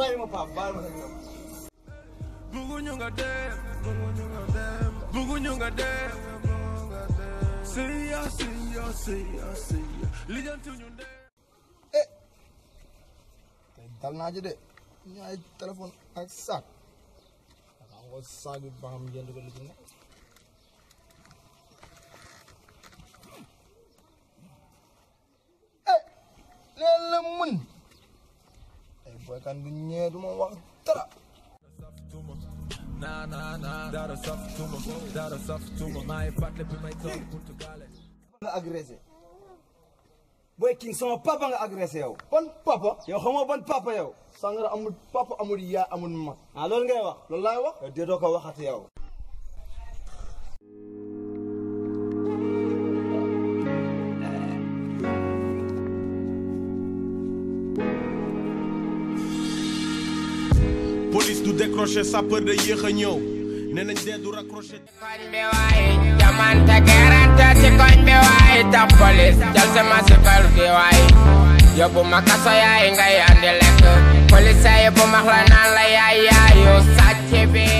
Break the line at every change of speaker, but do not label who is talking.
bàyyi ma paa baal ma nekk
bëgguñu nga dem bëgguñu nga dem bëgguñu nga dem sëya sëya sëya sëya lijjantuñu eh. de eh
tey
dal ak sac xam nga sac bi ba xam jënd ko lijjanti
eh leen booy kan bu ñëwee du ma wax dara.
dara saftuma dara saftuma maay fàttali bi may toog Portugal nga
agressé
booy king sama papa nga agressé yow ban papa yow xamoo ban papa yow Sangara
amul papa amul yaa amul mag
ah loolu ngay wax loolu laay wax déedoo ko waxati yow
police du décroché sapeur de yéex a ñëw nee nañ dee du raccroché koñ
bi waaye jamante gerante ci koñ bi waaye tax police jël sama sifal gi ma kaso yaay ngay andi lekk police yi bu max la la yaay yaayu sàcc bi